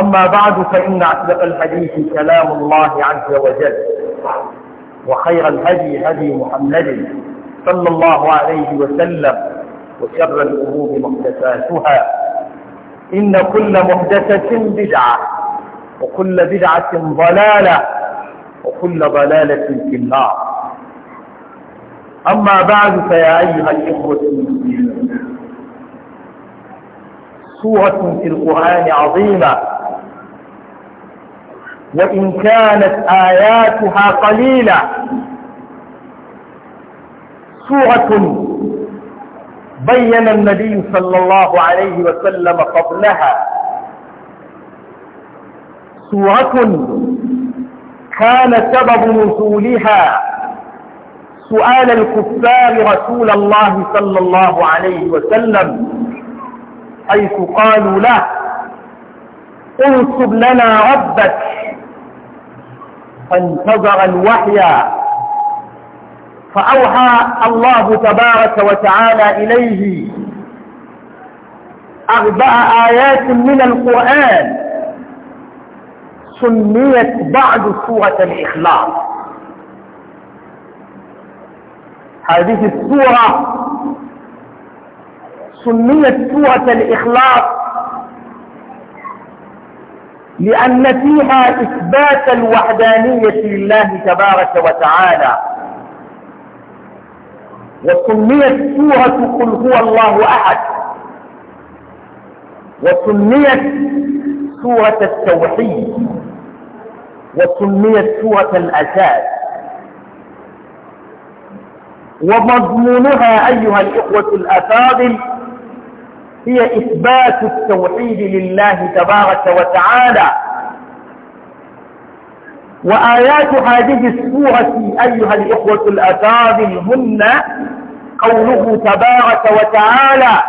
أما بعد فإن أصدق الحديث كلام الله عز وجل وخير الهدي هدي محمد صلى الله عليه وسلم وشر الأمور محدثاتها إن كل محدثة بدعة وكل بدعة ضلالة وكل ضلالة في النار أما بعد فيا أيها الإخوة سورة في القرآن عظيمة وإن كانت آياتها قليلة سورة بين النبي صلى الله عليه وسلم قبلها سورة كان سبب نزولها سؤال الكفار رسول الله صلى الله عليه وسلم حيث قالوا له انصب لنا ربك فانتظر الوحي فأوحى الله تبارك وتعالى إليه أربع آيات من القرآن سميت بعد سورة الإخلاص هذه السورة سميت سورة الإخلاص لأن فيها إثبات الوحدانية لله تبارك وتعالى وسميت سورة قل هو الله أحد وسميت سورة التوحيد وسميت سورة الأساس ومضمونها أيها الإخوة الأفاضل هي إثبات التوحيد لله تبارك وتعالى وآيات هذه السورة أيها الإخوة الأفاضل هن قوله تبارك وتعالى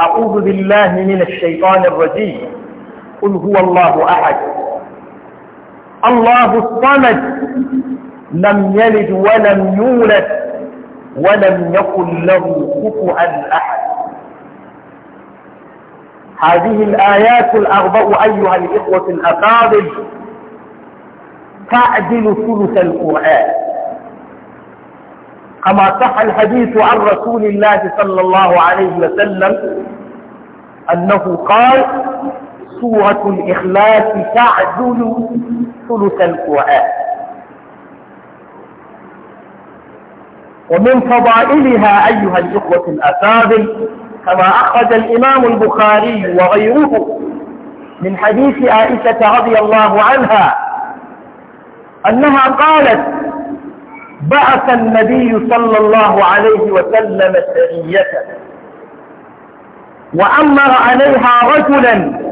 أعوذ بالله من الشيطان الرجيم قل هو الله أحد الله الصمد لم يلد ولم يولد ولم يكن له كفوا أحد هذه الآيات الأربع أيها الإخوة الأفاضل تعدل ثلث القرآن كما صح الحديث عن رسول الله صلى الله عليه وسلم أنه قال سورة الإخلاص تعدل ثلث القرآن ومن فضائلها أيها الإخوة الأفاضل كما أخرج الإمام البخاري وغيره من حديث عائشة رضي الله عنها أنها قالت بعث النبي صلى الله عليه وسلم سرية وأمر عليها رجلا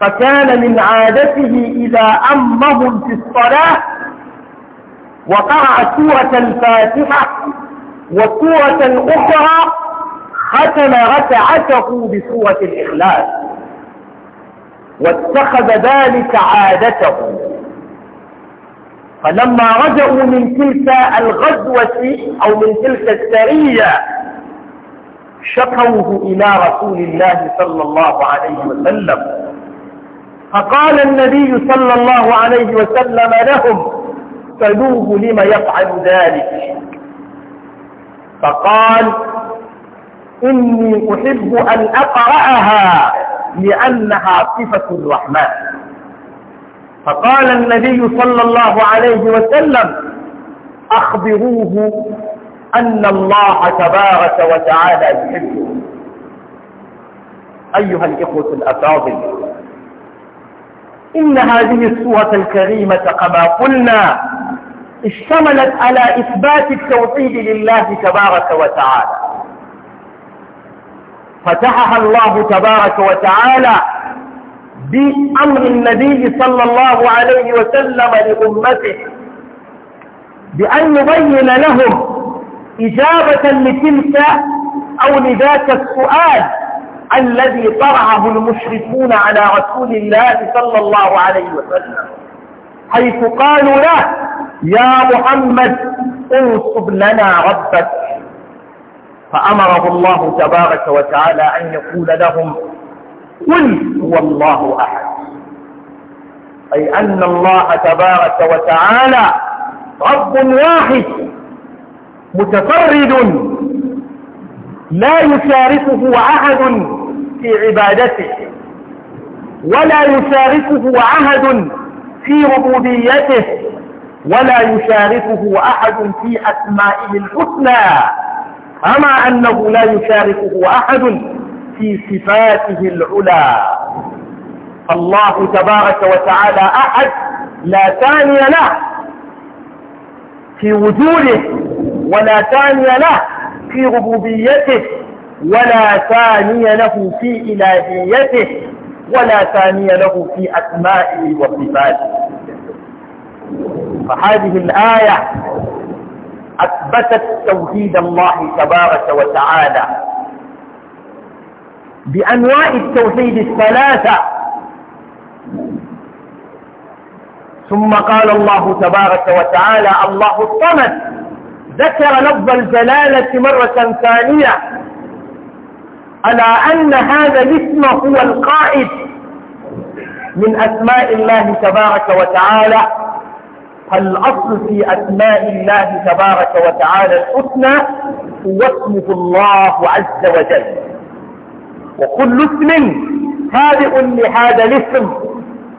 فكان من عادته إذا أمهم في الصلاة وقرأ سورة الفاتحة وسورة أخرى ختم ركعته بسورة الإخلاص واتخذ ذلك عادته فلما رجعوا من تلك الغزوة أو من تلك السرية شكوه إلى رسول الله صلى الله عليه وسلم فقال النبي صلى الله عليه وسلم لهم سلوه لم يفعل ذلك فقال إني أحب أن أقرأها لأنها صفة الرحمن فقال النبي صلى الله عليه وسلم أخبروه أن الله تبارك وتعالى يحبه أيها الإخوة الأفاضل إن هذه السورة الكريمة كما قلنا اشتملت على إثبات التوحيد لله تبارك وتعالى فتحها الله تبارك وتعالى بأمر النبي صلى الله عليه وسلم لأمته بأن يبين لهم إجابة لتلك أو لذاك السؤال الذي طرحه المشركون على رسول الله صلى الله عليه وسلم حيث قالوا له يا محمد انصب لنا ربك فأمره الله تبارك وتعالى أن يقول لهم قل هو الله أحد أي أن الله تبارك وتعالى رب واحد متفرد لا يشاركه أحد في عبادته ولا يشاركه أحد في ربوبيته ولا يشاركه أحد في أسمائه الحسنى أما أنه لا يشاركه أحد في صفاته العلى الله تبارك وتعالى أحد لا ثاني له في وجوده ولا ثاني له في ربوبيته ولا ثاني له في إلهيته ولا ثاني له في أسمائه وصفاته فهذه الآية أثبتت توحيد الله تبارك وتعالى بأنواع التوحيد الثلاثة ثم قال الله تبارك وتعالى الله الصمد ذكر لفظ الجلالة مرة ثانية ألا أن هذا الاسم هو القائد من أسماء الله تبارك وتعالى الاصل في أسماء الله تبارك وتعالى الحسنى هو اسمه الله عز وجل وكل اسم تابع لهذا الاسم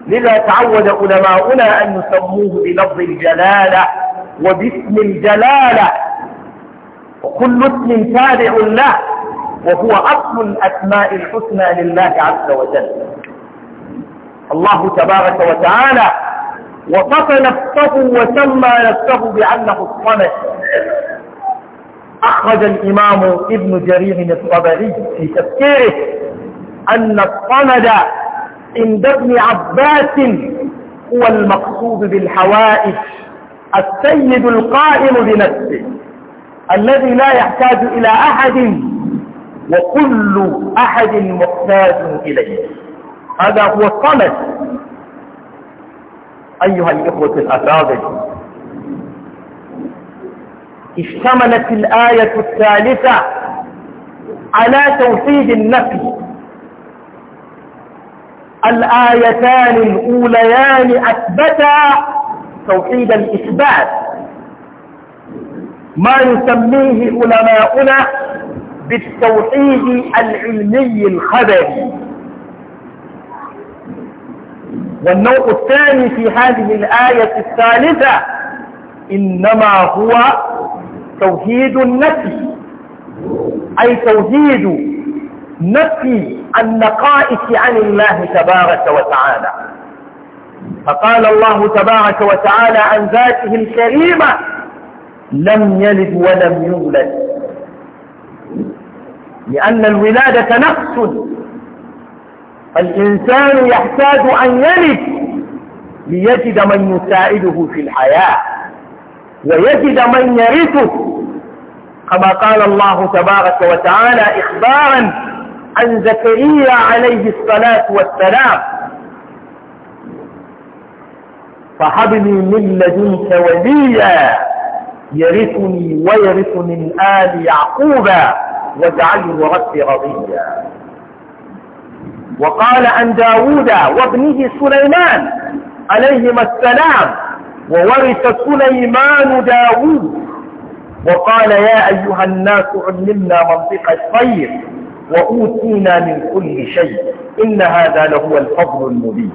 لذا تعود علماؤنا أن نسموه بلفظ الجلالة وباسم الجلالة وكل اسم تابع له وهو أصل الأسماء الحسنى لله عز وجل الله تبارك وتعالى وقف نفسه وسمى نفسه بأنه الصمد أخرج الإمام ابن جرير الطبري في تفسيره أن الصمد عند ابن عباس هو المقصود بالحوائج السيد القائم بنفسه الذي لا يحتاج إلى أحد وكل أحد محتاج إليه هذا هو الصمد أيها الإخوة الأفاضل اشتملت الآية الثالثة على توحيد النفي الآيتان الأوليان أثبتا توحيد الإثبات ما يسميه علماؤنا بالتوحيد العلمي الخبري والنوع الثاني في هذه الآية الثالثة إنما هو توحيد النفي أي توحيد نفي النقائص عن الله تبارك وتعالى فقال الله تبارك وتعالى عن ذاته الكريمة لم يلد ولم يولد لأن الولادة نقص الإنسان يحتاج أن يلد ليجد من يساعده في الحياة ويجد من يرثه كما قال الله تبارك وتعالى إخبارا عن زكريا عليه الصلاة والسلام فحبني من لدنك وليا يرثني ويرث من آل يعقوب واجعله ربي رضيا وقال عن داود وابنه سليمان عليهما السلام وورث سليمان داود وقال يا أيها الناس علمنا منطق الطير وأوتينا من كل شيء إن هذا لهو الفضل المبين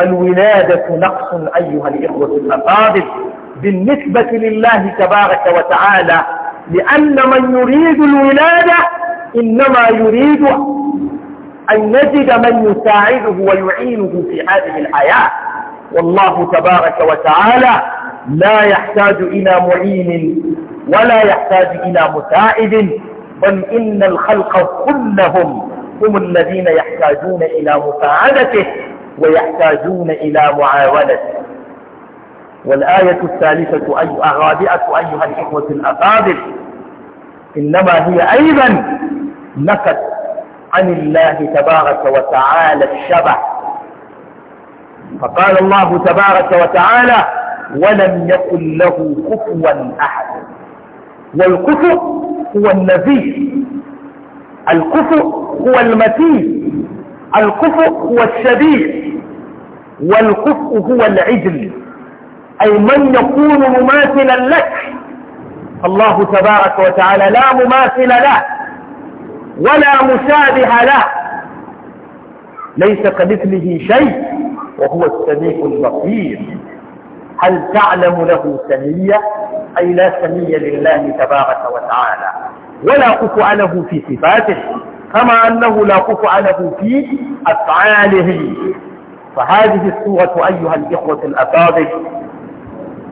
الولادة نقص أيها الإخوة الأفاضل بالنسبة لله تبارك وتعالى لأن من يريد الولادة إنما يريد أن نجد من يساعده ويعينه في هذه الحياة والله تبارك وتعالى لا يحتاج إلى معين ولا يحتاج إلى مساعد بل إن الخلق كلهم هم الذين يحتاجون إلى مساعدته ويحتاجون إلى معاونته والآية الثالثة أي الرابعة أيها الإخوة الأفاضل إنما هي أيضا نكت عن الله تبارك وتعالى الشبه فقال الله تبارك وتعالى ولم يكن له كفوا أحد والكفو هو النبي الكفو هو المتين الكفو هو الشديد والكفو هو العجل أي من يكون مماثلا لك الله تبارك وتعالى لا مماثل له ولا مشابه له ليس كمثله شيء وهو السميع البصير هل تعلم له سمية أي لا سمية لله تبارك وتعالى ولا قف له في صفاته كما أنه لا قف له في أفعاله فهذه السورة أيها الإخوة الأفاضل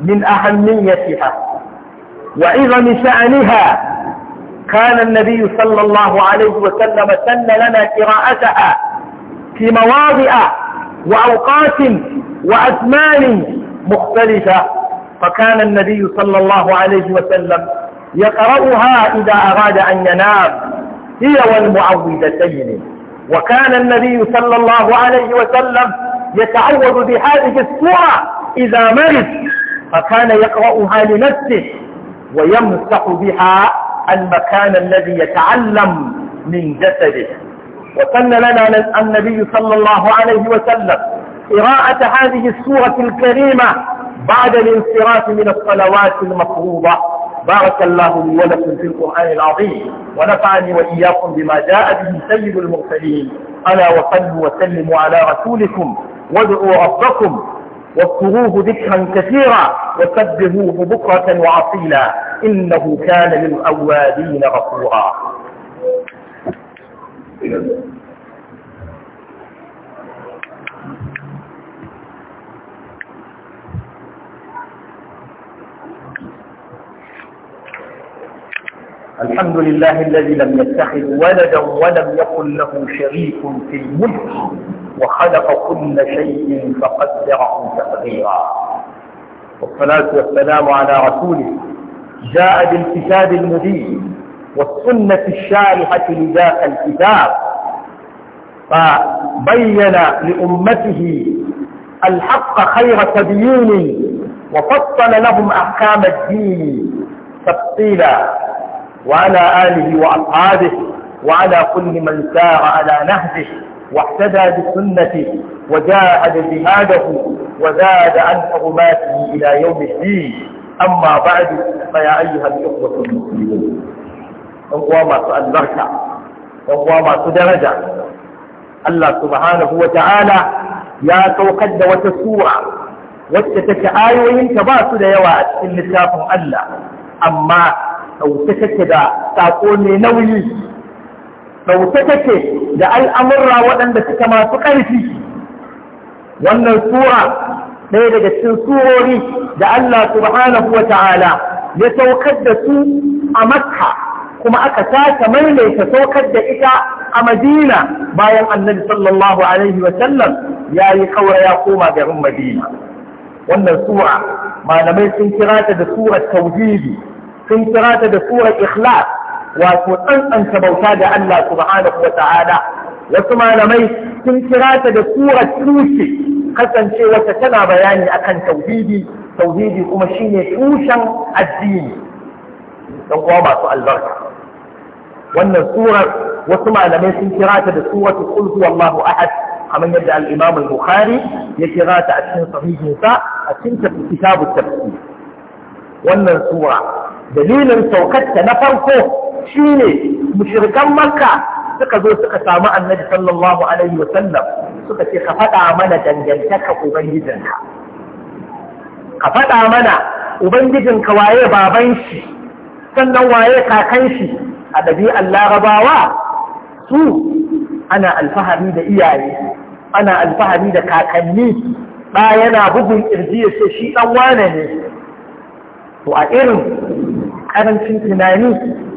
من أهميتها وعظم شأنها كان النبي صلى الله عليه وسلم سن لنا قراءتها في مواضع وأوقات وأزمان مختلفة فكان النبي صلى الله عليه وسلم يقرأها إذا أراد أن ينام هي والمعوذتين وكان النبي صلى الله عليه وسلم يتعوذ بهذه السورة إذا مرض فكان يقرأها لنفسه ويمسح بها المكان الذي يتعلم من جسده وسن لنا النبي صلى الله عليه وسلم قراءة هذه السورة الكريمة بعد الانصراف من الصلوات المفروضة بارك الله لي ولكم في القرآن العظيم ونفعني وإياكم بما جاء به سيد المرسلين ألا وصلوا وسلموا على رسولكم وادعوا ربكم واذكروه ذكرا كثيرا وسبهوه بكرة وعصيلا إنه كان للأوابين غفورا الحمد لله الذي لم يتخذ ولدا ولم يكن له شريك في الملك وخلق كل شيء فقدره تقديرا والصلاة والسلام على رسوله جاء بالكتاب المبين والسنة الشارحة لذاك الكتاب فبين لأمته الحق خير تبيين وفصل لهم أحكام الدين تفصيلا وعلى آله وأصحابه وعلى كل من سار على نهجه واحتدى بسنته وجاهد جهاده وزاد عن حرماته إلى يوم الدين أما بعد ta ya masu albarka an kuwa masu daraja Allah subhanahu ya saukar da wata sura wacce take ayoyin ta ba su da yawa a cikin littafin Allah amma dauke take da sako mai nauyi dauke take da al'amurra waɗanda suka masu ƙarfi wannan sura ɗaya daga cikin surori da Allah subhanahu wa ya saukar da su a makka kuma aka sake maimaita saukar da ita a madina bayan annabi sallallahu alaihi wasallam ya yi kaura ya koma garin madina wannan sura malamai sun kira ta da surar tauhidi sun kira ta da surar ikhlas wato tsantsanta bauta da Allah subhanahu wa ta'ala wasu malamai sun kira ta da surar tushe kasancewata tana bayani akan tauhidi tauhidi kuma shine tushen addini don kuma masu albarka wannan surar wasu malamai sun kira ta da suratu qul huwallahu ahad kamar yadda al-Imam al-Bukhari ya kira ta a cikin sahihin sa a cikin kitabu tafsir wannan sura dalilin saukarta na farko shine mushrikan Makka suka zo suka samu annabi sallallahu alaihi wasallam suka ce ka faɗa mana dangantaka ubangijinka ka faɗa mana ubangijinka waye baban shi sannan waye kakan shi a ɗabi'ar larabawa su ana alfahari da iyaye ana alfahari da kakanni Ba yana bugun ƙirji ya ce shi ɗan wane ne to a irin ƙarancin tunani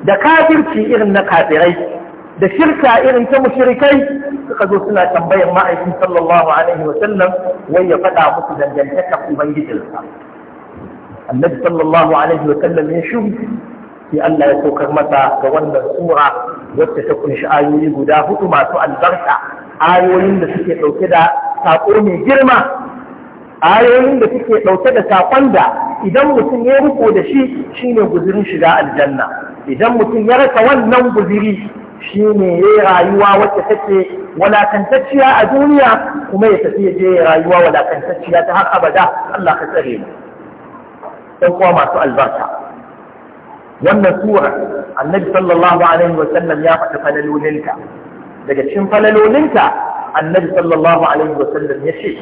da kafirci irin na kafirai da shirka irin ta mushrikai suka zo suna tambayar ma'aikin sallallahu alaihi wa sallam wai ya faɗa musu dangantaka ubangijinsa annabi sallallahu alaihi wa sallam ya shiru sai Allah ya saukar masa ga wannan sura wacce ta kunshi ayoyi guda hudu masu albarka ayoyin da suke ɗauke da saƙo mai girma ayoyin da suke ɗauke da saƙon da idan mutum ya riko da shi shine guzurin shiga aljanna idan mutum ya rasa wannan guziri shi ne ya yi rayuwa wacce take walakantacciya a duniya kuma ya tafi ya je ya rayuwa walakantacciya ta har abada Allah ka tsare mu dan kuwa masu albarka wannan sura annabi sallallahu alaihi wa sallam ya faɗi falalolinta daga cikin falalolinta annabi sallallahu alaihi wa sallam ya ce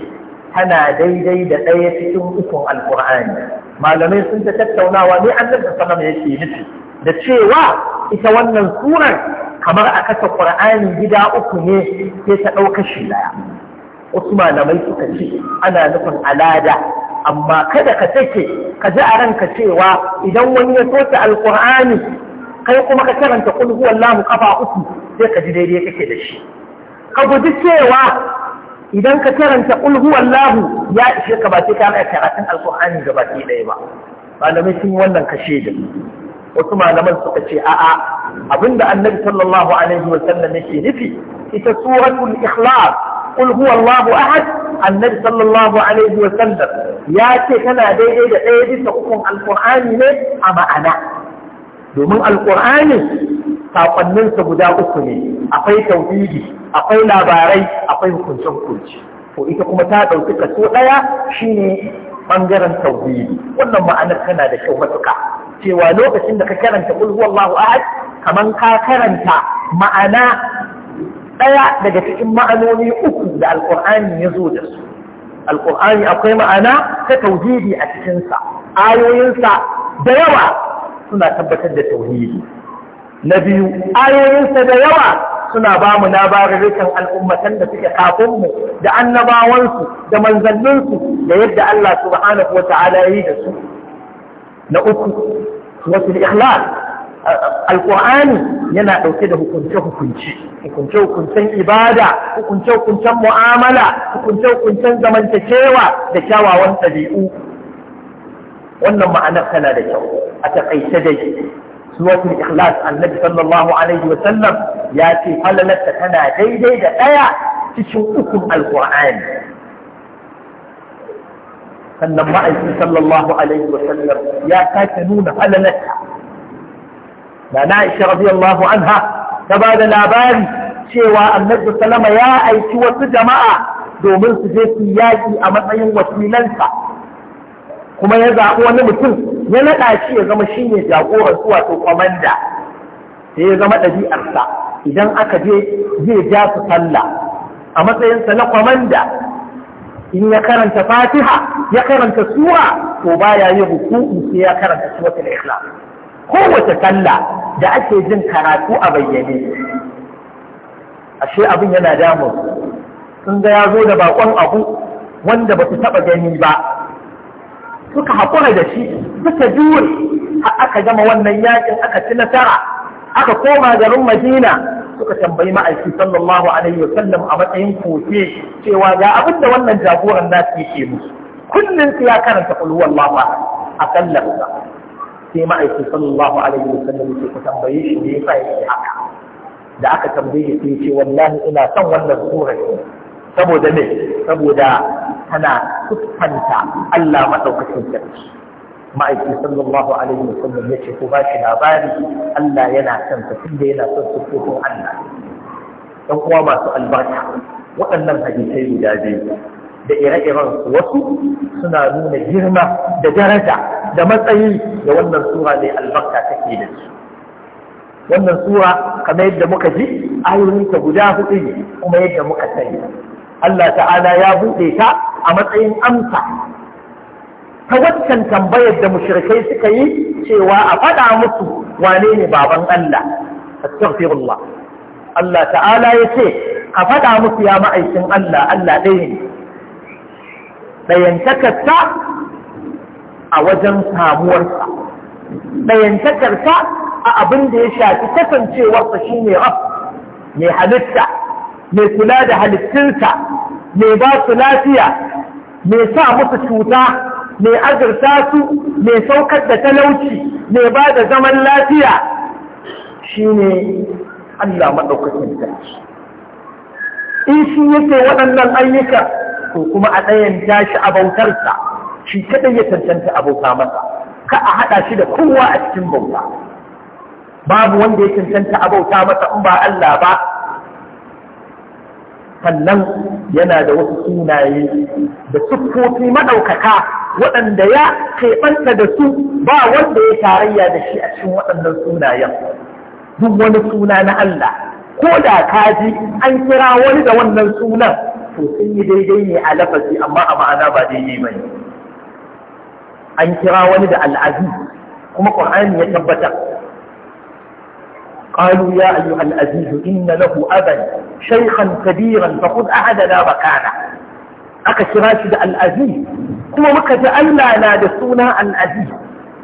tana daidai da ɗaya cikin ukun alƙur'ani malamai sun ta tattaunawa ne annabi sallallahu alaihi wa sallam yake nufi da cewa ita wannan sunan kamar a kasa ƙur'ani gida uku ne sai ta ɗauka shi daya wasu malamai suka ce ana nufin alada amma kada ka take ka ji a ranka cewa idan wani ya soke alƙur'ani kai kuma ka karanta kulhuwar lamu kafa uku sai ka ji daidai kake da shi ka guji cewa idan ka karanta kulhuwar lamu ya ishe ka ba sai ka karatun alƙur'ani gaba ɗaya ba malamai sun wannan kashe da wasu malaman suka ce a'a abinda annabi sallallahu alaihi wa sallam yake nufi ita suratul ikhlas qul huwallahu ahad annabi sallallahu alaihi wa sallam ya ce kana daidai da ɗaya bisa ukun alqur'ani ne a ma'ana domin alqur'ani sakonninsa guda uku ne akwai tauhidi akwai labarai akwai hukunce hukunci ko ita kuma ta ɗauki kaso ɗaya shine bangaren tauhidi wannan ma'anar tana da kyau matuka cewa lokacin da ka karanta kul huwallahu ahad kaman ka karanta ma'ana ɗaya daga cikin ma'anoni uku da alqur'ani ya zo da su alqur'ani akwai ma'ana ta tauhidi a cikin sa ayoyinsa da yawa suna tabbatar da tauhidi na biyu ayoyinsa da yawa suna ba mu rikin al'ummatan da suke kafin mu da annabawansu da manzanninsu da yadda Allah subhanahu wa ta'ala ya yi da su na uku wasu ikhlas alqur'ani yana ɗauke da hukunce hukunce hukunce hukuncen ibada hukunce hukuncen mu'amala hukunce hukuncen zamantakewa da kyawawan ɗabi'u wannan ma'anar tana da kyau a taƙaice dai suratul ikhlas annabi sallallahu alaihi wa sallam ya ce falalarta tana daidai da ɗaya cikin ukun alqur'ani sannan ma'aikin sallallahu alaihi wa sallam ya sake nuna falalarta da na aisha radiyallahu anha ta ba da labari cewa annabi sallama ya aiki wasu jama'a domin su je su yaƙi a matsayin wasilansa. kuma ya zaɓi wani mutum ya naɗa shi ya zama shi ne jagoran su wato kwamanda sai ya zama ɗabi'arsa idan aka je zai ja su sallah a matsayinsa na kwamanda in ya karanta fatiha ya karanta Suwa, to baya yi ruku'u sai ya karanta suratul ikhlas kowace sallah da ake jin karatu a bayyane ashe abin yana damu sun ga ya zo da bakon abu wanda ba su taba gani ba suka haƙura da shi suka jure aka gama wannan yakin aka ci nasara aka koma garin madina suka tambayi ma'aiki sallallahu alaihi sallam a matsayin koke cewa ga abin da wannan jagoran nasu yake musu kullum su ya karanta kulhuwan lafa a sallar sai ma'aiki sallallahu alaihi sallam yake ku tambaye shi ne yasa yake haka da aka tambaye shi sai ce wallahi ina son wannan surar saboda me saboda tana kuskanta Allah maɗaukacin sarki ma'aiki sallallahu alaihi wa sallam ya ce ko ba shi labari Allah yana son ta, tunda yana son su Allah dan uwa masu albarka waɗannan hadisai guda biyu da ire-iren wasu suna nuna girma da daraja da matsayi da wannan sura ne albarka take da su wannan sura kamar yadda muka ji ayoyinta guda hudu ne kuma yadda muka sani Allah ta'ala ya buɗe ta a matsayin amsa ta waccan tambayar da mushrikai suka yi cewa a faɗa musu wane ne baban Allah astaghfirullah Allah ta'ala ya ce a faɗa musu ya ma'aikin Allah Allah ɗaya ne ɗayantakarsa a wajen samuwarsa ɗayantakarta a abin da ya shafi kasancewarsa shine rab mai halitta mai kula da halittunsa mai ba su lafiya mai sa musu cuta mai azurta su mai saukar da talauci mai ba da zaman lafiya shi ne Allah maɗaukakin sarki in shi yake waɗannan ayyuka ko kuma a ɗayan tashi a shi kaɗai ya tantanta abauta masa ka a haɗa shi da kowa a cikin bauta babu wanda ya cancanta abauta masa in ba Allah ba sannan yana da wasu sunaye da siffofi maɗaukaka waɗanda ya keɓanta da su ba wanda ya tarayya da shi a cikin waɗannan sunayen duk wani suna na Allah ko da ka an kira wani da wannan sunan to sun yi daidai ne a lafazi amma a ma'ana ba daidai ba an kira wani da al'azi kuma ƙur'ani ya tabbatar قالوا يا أيها العزيز إن له أبا شيخا كبيرا فقد أحد لا بكانا أكثر راشد الأزيز هو مكة ألا نادسونا الأزيز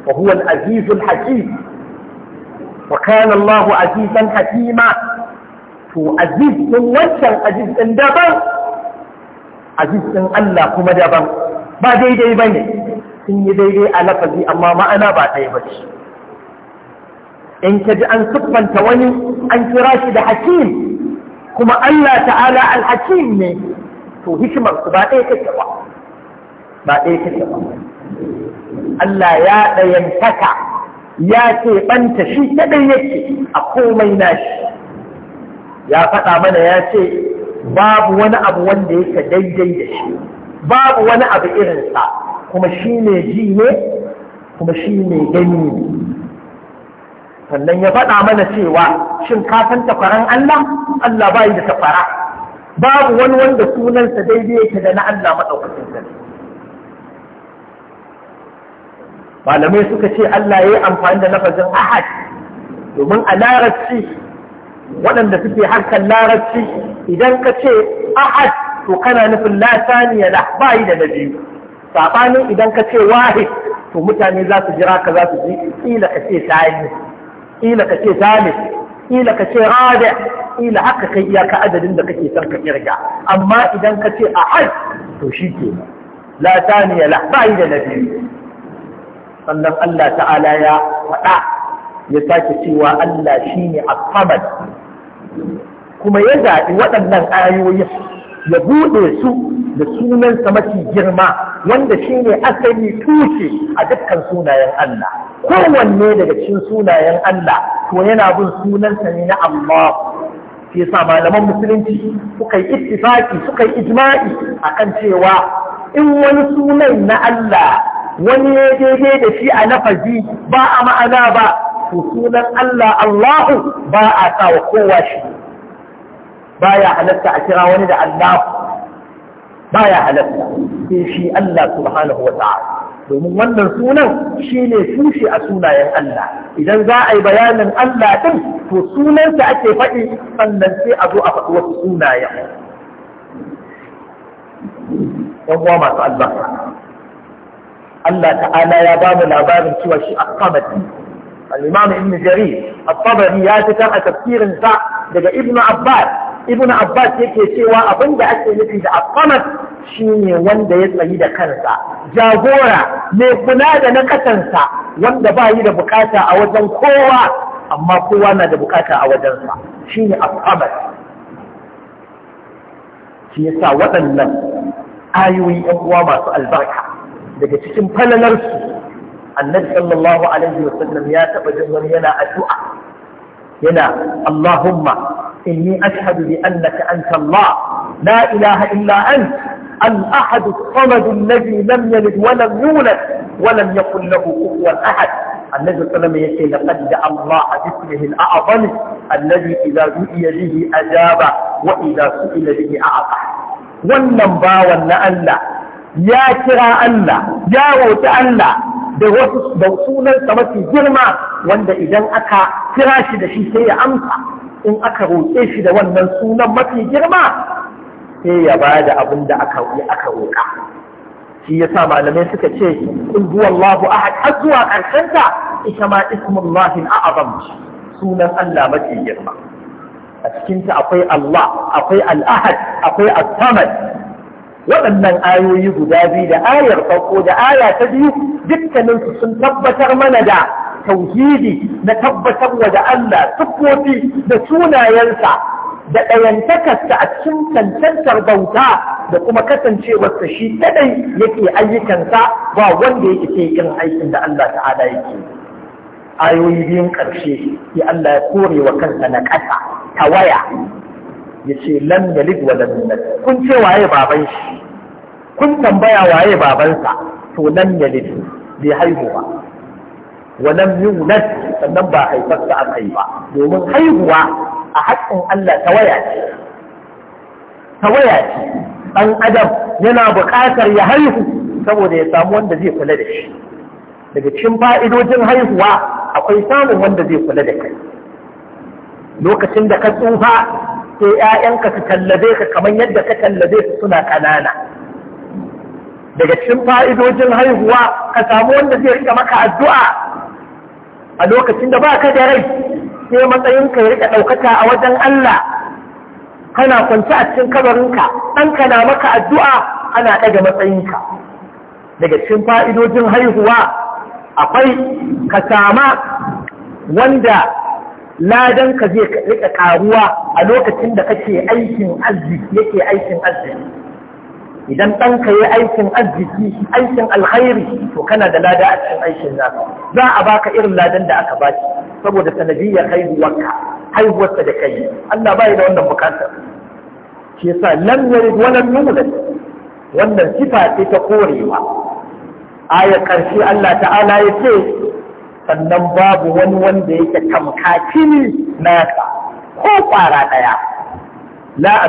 وهو الأزيز الحكيم وكان الله عزيزا حكيما هو أزيز من وجه أزيز من دابا أزيز من ألا كما دابا ما دي دي بني سني دي دي ألا فزي أما ما أنا با دي بني إن كد أن سبا توني أن شراشد حكيم kuma Allah ta'ala al-hakim ne to hikimar ku ba ɗaya take ba ba ɗaya take ba Allah ya ɗayantaka ya ce ɓanta shi kaɗai yake a komai nashi ya faɗa mana ya ce babu wani abu wanda yake daidai da shi babu wani abu irinsa kuma shi ne ji ne kuma shi ne gani ne sannan ya faɗa mana cewa shin ka san takwaran Allah Allah bai da takwara babu wani wanda sunansa daidai yake da na Allah madaukakin sarki malamai suka ce Allah ya yi amfani da lafazin ahad domin a larabci waɗanda suke harkar larabci idan ka ce ahad to kana nufin lasaniya da ba yi da na biyu saɓanin idan ka ce wahid to mutane za su jira ka za su ji kila ka ce ta yi Ila ka ce talib ila ka ce rabi ila haka kai iyaka adadin da kake son ka kirga amma idan ka ce ahad to shi ke la taniya la ba da na biyu sannan Allah ta'ala ya faɗa ya sake cewa Allah shi ne samad kuma ya zaɓi waɗannan ayoyin ya buɗe su da sunansa mafi girma wanda shine asali tushe a dukkan sunayen Allah kowanne daga cikin sunayen Allah to yana bin sunansa ne na Allah shi yasa malaman musulunci suka yi ittifaki suka yi ijma'i akan cewa in wani sunan na Allah wani ya daidai da shi a nafazi ba a ma'ana ba to sunan Allah Allahu ba a sa wa kowa shi baya halatta a kira wani da Allahu. baya halatta sai shi Allah subhanahu wa ta'ala domin wannan sunan shi ne sushi a sunayen Allah idan za a yi bayanin Allah din to sunansa ake faɗi sannan sai a zo a faɗi wasu sunayen yan uwa masu albarka Allah ta'ala ya ba mu labarin cewa shi as al-imam ibn jarir at-tabari ya fitar a tafsirin sa daga ibn abbas ibn abbas yake cewa abinda ake nufi da as shine wanda ya tsayi da kansa jagora mai kula da na kasansa wanda ba yi da bukata a wajen kowa amma kowa na da bukata a wajensa shine ashabat shi yasa waɗannan ayoyi yan uwa masu albarka daga cikin falalarsu annabi sallallahu alaihi wasallam ya taɓa jin wani yana addu'a yana Allahumma inni ashhadu bi annaka anta Allah la ilaha illa anta الأحد الصمد الذي لم يلد ولم يولد ولم يكن له كفوا أحد النبي صلى الله عليه وسلم لقد دعا الله باسمه الأعظم الذي إذا دعي به أجاب وإذا سئل به أعطى wannan bawan na Allah ya kira Allah ya roƙi Allah da wasu da sunansa mafi girma wanda idan aka kira shi da shi sai ya amsa in aka roƙe shi da wannan sunan mafi girma sai ya ba da abin da aka yi aka roƙa shi ya sa malamai suka ce in Allahu ahad har zuwa ƙarshen ta ita ma ismullahi a'azam sunan Allah mafi girma a cikin ta akwai Allah akwai al-ahad akwai as-samad waɗannan ayoyi guda biyu da ayar farko da aya ta biyu dukkaninsu sun tabbatar mana da tauhidi na tabbatar wa da Allah siffofi da sunayensa da ɗayantakarsa a cikin cancantar bauta da kuma kasancewarsa shi kadai yake ayyukansa ba wanda yake ke irin aikin da Allah ta'ala yake ayoyi biyun ƙarshe ya Allah ya kore wa kansa na ƙasa ta waya ya ce lam yalid wa lam kun ce waye baban shi kun tambaya waye babansa to lam yalid bai haihu ba wa lam yulad sannan ba haifarsa aka yi ba domin haihuwa a haƙƙin Allah ta ce ce ɗan adam yana buƙatar ya haihu saboda ya samu wanda zai kula da shi daga cikin fa'idojin haihuwa akwai samun wanda zai kula da kai lokacin da ka tsufa sai ‘ya'yanka su tallabe ka kamar yadda ka tallabe su suna ƙanana daga cikin fa'idojin haihuwa ka samu wanda zai rika maka addu'a a lokacin da ba ka da rai sai matsayin ka ya rika ɗaukaka a wajen Allah kana kwance a cikin kabarinka ɗanka na maka addu'a ana ɗaga matsayinka daga cikin fa'idojin haihuwa akwai ka sama wanda ladan ka zai rika karuwa a lokacin da kake aikin arziki yake aikin arziki idan ɗanka ya aikin arziki aikin alkhairi to kana da lada a cikin aikin nasa za a baka irin ladan da aka baki saboda sanadiyyar haihuwarka haihuwarsa da kai Allah bai da wannan bukatar Ke sa lam yarid wa lam wannan sifa ce ta korewa ayar karshe Allah ta'ala ya ce sannan babu wani wanda yake tamkaci nasa ko kwara daya la a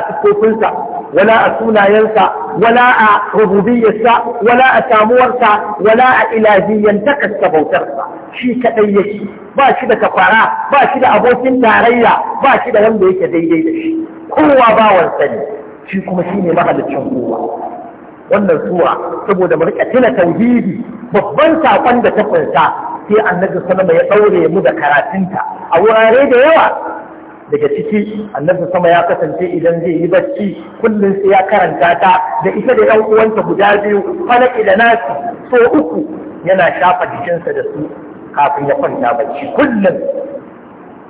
wala a sunayensa wala a rububiyarsa wala a samuwarsa wala a ilahiyyantakarsa bautarsa shi kaɗai yake ba shi da kafara ba shi da abokin tarayya ba shi da wanda yake daidai da shi kowa bawansa ne shi kuma shi ne mahalicin kowa wannan sura saboda mu rika tuna tauhidi babban sakon da ta kunsa sai annabi sallama ya daure mu da karatunta a wurare da yawa daga ciki annabi sama ya kasance idan zai yi bacci kullum sai ya karanta ta da ita da yan uwanta guda biyu falaki da nasi so uku yana shafa jikinsa da su kafin ya kwanta bacci kullum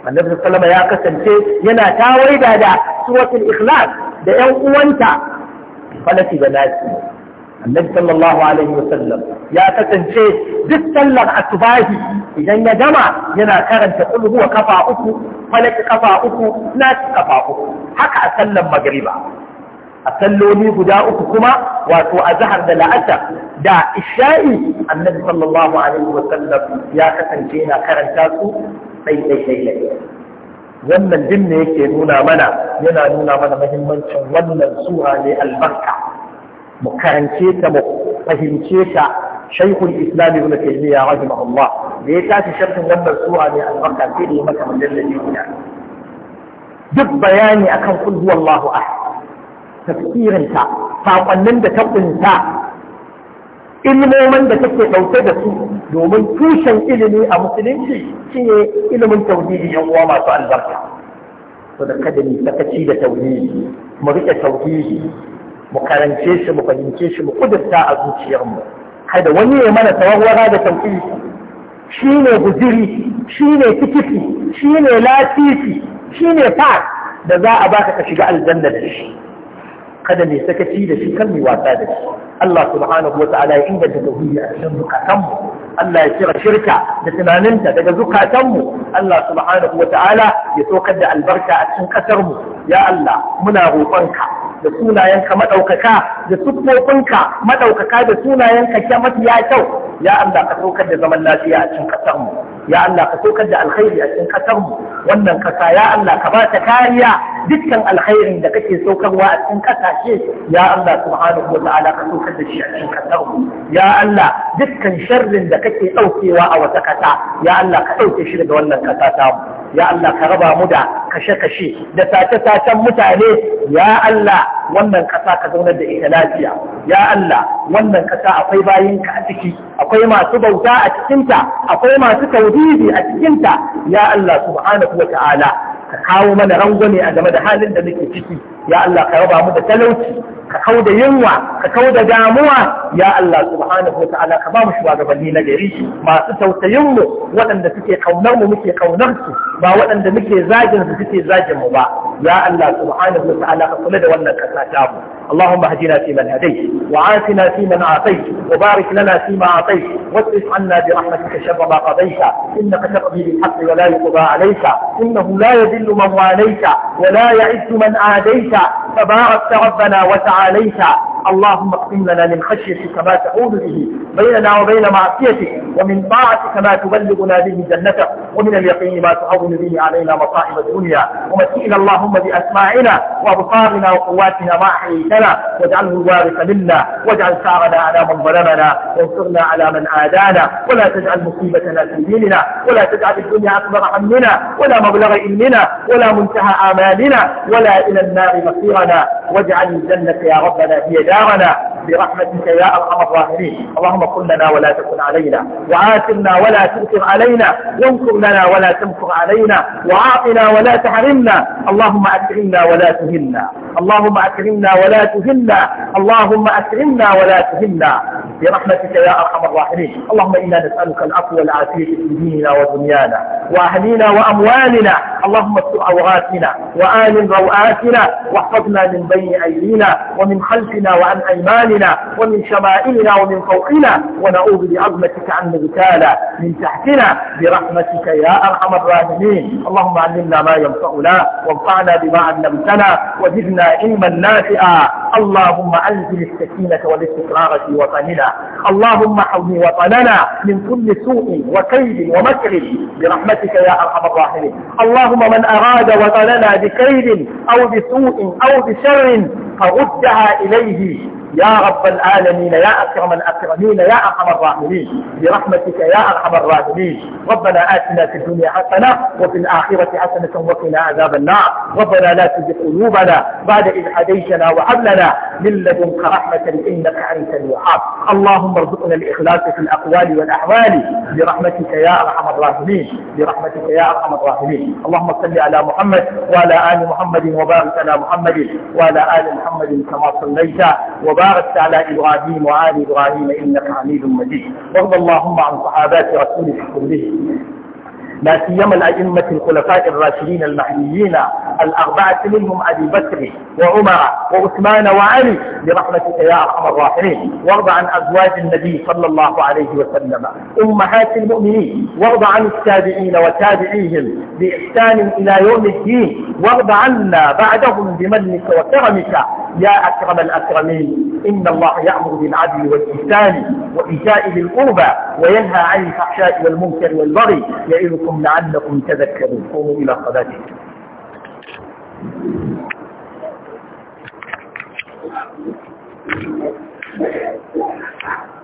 annabi sallama ya kasance yana tawaida da suratul ikhlas da yan uwanta falaki da nasi annabi sallallahu alaihi wasallam ya kasance duk sallar asubahi idan ya gama yana karanta kul huwa kafa uku falaki kafa uku nasi kafa uku haka a sallar magriba a salloli guda uku kuma wato a zahar da la'asar da isha'i annabi sallallahu alaihi wasallam ya kasance yana karanta su ɗaiɗaiɗaiɗai wannan din ne yake nuna mana yana nuna mana mahimmancin wannan sura ne albarka mu karance ta mu fahimce ta shaykhul islam ibn taymiya rahimahullah da ya tashi sharhin wannan sura ne albarka sai da ya maka guda duk bayani akan kul huwallahu ahad tafsirin ta sakonnin da ta kunta ilmomin da take dauke da su domin tushen ilimi a musulunci shine ilimin tauhidi yan uwa masu albarka to da kada ni sakaci da tauhidi mu rike tauhidi mu karance shi mu fahimce shi mu kudurta a zuciyarmu kada wani ya mana tawarwara da tauhidi shi ne guziri shi ne tikiti shi ne latifi shi ne fas da za a baka ka shiga aljanna da shi kada mai sakaci da shi kan mai wasa da shi Allah subhanahu wa ta'ala ya inganta tauhidi a cikin zukatanmu Allah ya cire shirka da tunaninta daga zukatanmu Allah subhanahu wa ta'ala ya saukar da albarka a cikin kasarmu ya Allah muna roƙonka da sunayenka maɗaukaka, da siffofinka maɗaukaka da sunayenka kyamati ya kyau ya Allah ka saukar da zaman lafiya a cikin kasar ya Allah ka saukar da alkhairi a cikin kasar mu wannan kasa ya Allah ka ba ta kariya dukkan alkhairin da kake saukarwa a cikin ƙasashe ya Allah subhanahu wa ta'ala ka saukar da shi a cikin kasar mu ya Allah dukkan sharrin da kake daukewa a wata kasa ya Allah ka dauke shi daga wannan kasa ta mu ya Allah ka raba mu da kashe-kashe da sace-sacen mutane ya Allah wannan kasa ka zaunar da ita lafiya ya Allah wannan kasa akwai bayinka a ciki akwai masu bauta a cikinta akwai masu tauhidi tauhidi a cikinta ya Allah subhanahu wa ka kawo mana rangwame a game da halin da muke ciki ya Allah ka raba mu da talauci ka kau da yunwa ka kau da damuwa ya Allah subhanahu wa ka ba mu shugabanni na gari masu tausayin mu waɗanda suke kaunar mu muke kaunar su ba waɗanda muke zagin su suke zagin mu ba يا الله سبحانه وتعالى قصد ولا كساتام اللهم اهدنا فيمن هديت وعافنا فيمن عافيت وبارك لنا فيما اعطيت واتف عنا برحمتك شر ما قضيت انك تقضي بالحق ولا يقضى عليك انه لا يذل من واليت ولا يعز من عاديت تبارك ربنا وتعاليت اللهم اقسم لنا من خشيتك ما تعود به بيننا وبين معصيتك ومن طاعتك ما تبلغنا به جنتك ومن اليقين ما تهون به علينا مصائب الدنيا ومتئنا اللهم بأسماعنا وأبصارنا وقواتنا ما أحييتنا واجعله الوارث منا واجعل ثارنا على من ظلمنا وانصرنا على من عادانا ولا تجعل مصيبتنا في ديننا ولا تجعل الدنيا أكبر همنا ولا مبلغ علمنا ولا منتهى آمالنا ولا إلى النار مصيرنا واجعل الجنة يا ربنا هي دار دارنا برحمتك يا أرحم الراحمين اللهم كن لنا ولا تكن علينا وآثرنا ولا تنكر علينا وانكر لنا ولا تنكر علينا وعاطنا ولا تحرمنا اللهم أكرمنا ولا تهنا اللهم أكرمنا ولا تهنا اللهم أكرمنا ولا تهنا برحمتك يا أرحم الراحمين اللهم إنا نسألك العفو والعافية في ديننا ودنيانا واهلينا وأموالنا اللهم استر عوراتنا وآل روآتنا واحفظنا من بين أيدينا ومن خلفنا وعن أيماننا ومن شمائلنا ومن فوقنا ونعوذ بعظمتك عن غتالا من تحتنا برحمتك يا أرحم الراحمين اللهم علمنا ما ينفعنا وانفعنا بما علمتنا وزدنا علما نافعا اللهم أنزل السكينة والاستقرار في وطننا علينا اللهم حولي وطننا من كل سوء وكيد ومكر برحمتك يا أرحم الراحمين اللهم من أراد وطننا بكيد أو بسوء أو بشر فردها إليه يا رب العالمين يا أكرم الأكرمين يا أرحم الراحمين برحمتك يا أرحم الراحمين ربنا آتنا في الدنيا حسنة وفي الآخرة حسنة وقنا عذاب النار ربنا لا تزغ قلوبنا بعد إذ هديتنا وهب لنا من لدنك رحمة إنك أنت الوهاب اللهم ارزقنا الإخلاص في الأقوال والأحوال برحمتك يا أرحم الراحمين برحمتك يا أرحم الراحمين اللهم صل على محمد وعلى آل محمد وبارك على محمد وعلى آل محمد كما صليت وبارك على إبراهيم وآل إبراهيم إنك حميد مجيد وارض اللهم عن صحابات رسولك كلهم لا سيما الأئمة الخلفاء الراشدين المهديين الأربعة منهم أبي بكر وعمر وعثمان وعلي برحمتك يا أرحم الراحمين وارض عن أزواج النبي صلى الله عليه وسلم أمهات المؤمنين وارض عن التابعين وتابعيهم بإحسان إلى يوم الدين وارض عنا بعدهم بمنك وكرمك يا أكرم الأكرمين إن الله يأمر بالعدل والإحسان وإيتاء ذي القربى وينهى عن الفحشاء والمنكر والبغي يعظكم يعظكم لعلكم تذكرون قوموا إلى صلاتكم Thank you.